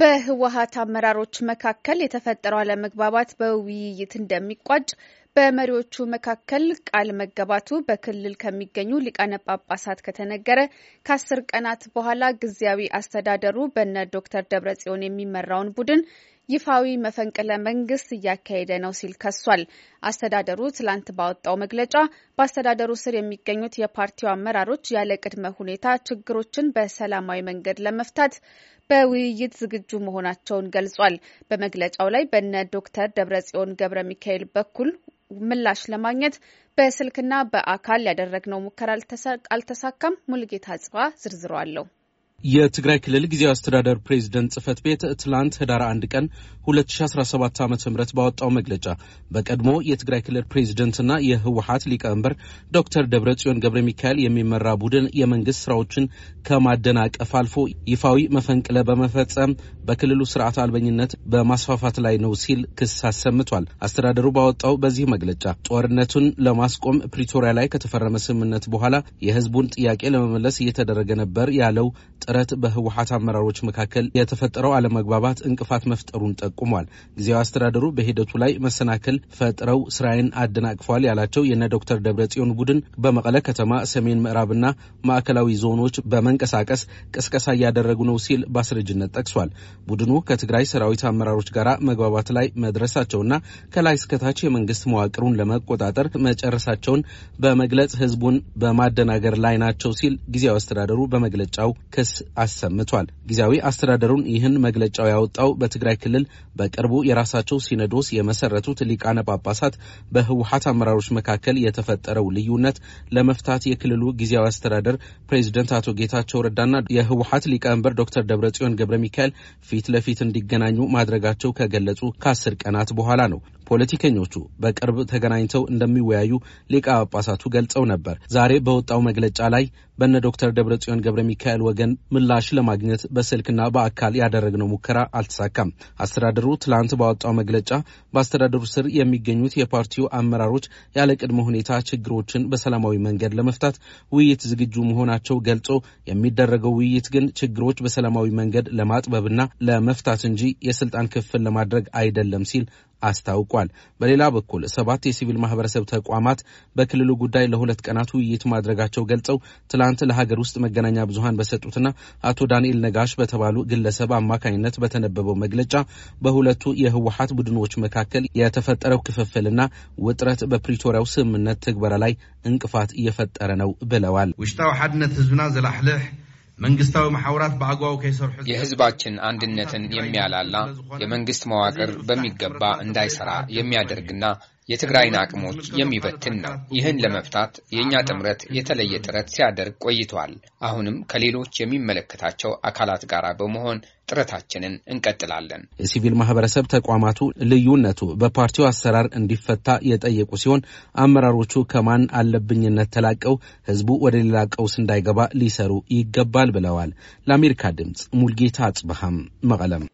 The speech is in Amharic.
በህወሀት አመራሮች መካከል የተፈጠረው አለመግባባት በውይይት እንደሚቋጭ በመሪዎቹ መካከል ቃል መገባቱ በክልል ከሚገኙ ሊቃነ ጳጳሳት ከተነገረ ከአስር ቀናት በኋላ ጊዜያዊ አስተዳደሩ በነ ዶክተር ደብረጽዮን የሚመራውን ቡድን ይፋዊ መፈንቅለ መንግስት እያካሄደ ነው ሲል ከሷል። አስተዳደሩ ትላንት ባወጣው መግለጫ በአስተዳደሩ ስር የሚገኙት የፓርቲው አመራሮች ያለ ቅድመ ሁኔታ ችግሮችን በሰላማዊ መንገድ ለመፍታት በውይይት ዝግጁ መሆናቸውን ገልጿል። በመግለጫው ላይ በነ ዶክተር ደብረጽዮን ገብረ ሚካኤል በኩል ምላሽ ለማግኘት በስልክና በአካል ያደረግነው ሙከራ አልተሳካም። ሙልጌታ ጽባ ዝርዝሯ አለው። የትግራይ ክልል ጊዜያዊ አስተዳደር ፕሬዚደንት ጽህፈት ቤት ትላንት ህዳር አንድ ቀን 2017 ዓ ም ባወጣው መግለጫ በቀድሞ የትግራይ ክልል ፕሬዚደንትና የህወሀት ሊቀመንበር ዶክተር ደብረ ጽዮን ገብረ ሚካኤል የሚመራ ቡድን የመንግስት ስራዎችን ከማደናቀፍ አልፎ ይፋዊ መፈንቅለ በመፈጸም በክልሉ ስርዓት አልበኝነት በማስፋፋት ላይ ነው ሲል ክስ አሰምቷል። አስተዳደሩ ባወጣው በዚህ መግለጫ ጦርነቱን ለማስቆም ፕሪቶሪያ ላይ ከተፈረመ ስምምነት በኋላ የህዝቡን ጥያቄ ለመመለስ እየተደረገ ነበር ያለው ጥረት በህወሀት አመራሮች መካከል የተፈጠረው አለመግባባት እንቅፋት መፍጠሩን ጠቁሟል። ጊዜያዊ አስተዳደሩ በሂደቱ ላይ መሰናክል ፈጥረው ስራዬን አደናቅፈዋል ያላቸው የነ ዶክተር ደብረጽዮን ቡድን በመቀለ ከተማ ሰሜን ምዕራብና ማዕከላዊ ዞኖች በመንቀሳቀስ ቅስቀሳ እያደረጉ ነው ሲል በአስረጅነት ጠቅሷል። ቡድኑ ከትግራይ ሰራዊት አመራሮች ጋር መግባባት ላይ መድረሳቸውና ከላይ እስከታች የመንግስት መዋቅሩን ለመቆጣጠር መጨረሳቸውን በመግለጽ ህዝቡን በማደናገር ላይ ናቸው ሲል ጊዜያዊ አስተዳደሩ በመግለጫው ክስ አሰምቷል። ጊዜያዊ አስተዳደሩን ይህን መግለጫው ያወጣው በትግራይ ክልል በቅርቡ የራሳቸው ሲነዶስ የመሰረቱት ሊቃነ ጳጳሳት በህወሀት አመራሮች መካከል የተፈጠረው ልዩነት ለመፍታት የክልሉ ጊዜያዊ አስተዳደር ፕሬዚደንት አቶ ጌታቸው ረዳና የህወሀት ሊቀመንበር ዶክተር ደብረጽዮን ገብረ ሚካኤል ፊት ለፊት እንዲገናኙ ማድረጋቸው ከገለጹ ከአስር ቀናት በኋላ ነው። ፖለቲከኞቹ በቅርብ ተገናኝተው እንደሚወያዩ ሊቀ ጳጳሳቱ ገልጸው ነበር። ዛሬ በወጣው መግለጫ ላይ በነ ዶክተር ደብረጽዮን ገብረ ሚካኤል ወገን ምላሽ ለማግኘት በስልክና በአካል ያደረግነው ሙከራ አልተሳካም። አስተዳደሩ ትላንት ባወጣው መግለጫ በአስተዳደሩ ስር የሚገኙት የፓርቲው አመራሮች ያለ ቅድመ ሁኔታ ችግሮችን በሰላማዊ መንገድ ለመፍታት ውይይት ዝግጁ መሆናቸው ገልጾ የሚደረገው ውይይት ግን ችግሮች በሰላማዊ መንገድ ለማጥበብና ለመፍታት እንጂ የስልጣን ክፍል ለማድረግ አይደለም ሲል አስታውቋል። በሌላ በኩል ሰባት የሲቪል ማህበረሰብ ተቋማት በክልሉ ጉዳይ ለሁለት ቀናት ውይይት ማድረጋቸው ገልጸው ትላንት ለሀገር ውስጥ መገናኛ ብዙሀን በሰጡትና አቶ ዳንኤል ነጋሽ በተባሉ ግለሰብ አማካኝነት በተነበበው መግለጫ በሁለቱ የህወሀት ቡድኖች መካከል የተፈጠረው ክፍፍልና ውጥረት በፕሪቶሪያው ስምምነት ትግበራ ላይ እንቅፋት እየፈጠረ ነው ብለዋል። ውሽጣዊ ሓድነት ህዝብና ዘላሕልሕ መንግስታዊ ማሕበራት በአግባቡ ከይሰርሑ የህዝባችን አንድነትን የሚያላላ የመንግስት መዋቅር በሚገባ እንዳይሰራ የሚያደርግና የትግራይን አቅሞች የሚበትን ነው። ይህን ለመፍታት የእኛ ጥምረት የተለየ ጥረት ሲያደርግ ቆይቷል። አሁንም ከሌሎች የሚመለከታቸው አካላት ጋር በመሆን ጥረታችንን እንቀጥላለን። የሲቪል ማህበረሰብ ተቋማቱ ልዩነቱ በፓርቲው አሰራር እንዲፈታ የጠየቁ ሲሆን አመራሮቹ ከማን አለብኝነት ተላቀው ህዝቡ ወደ ሌላ ቀውስ እንዳይገባ ሊሰሩ ይገባል ብለዋል። ለአሜሪካ ድምፅ ሙልጌታ አጽበሃም መቀለም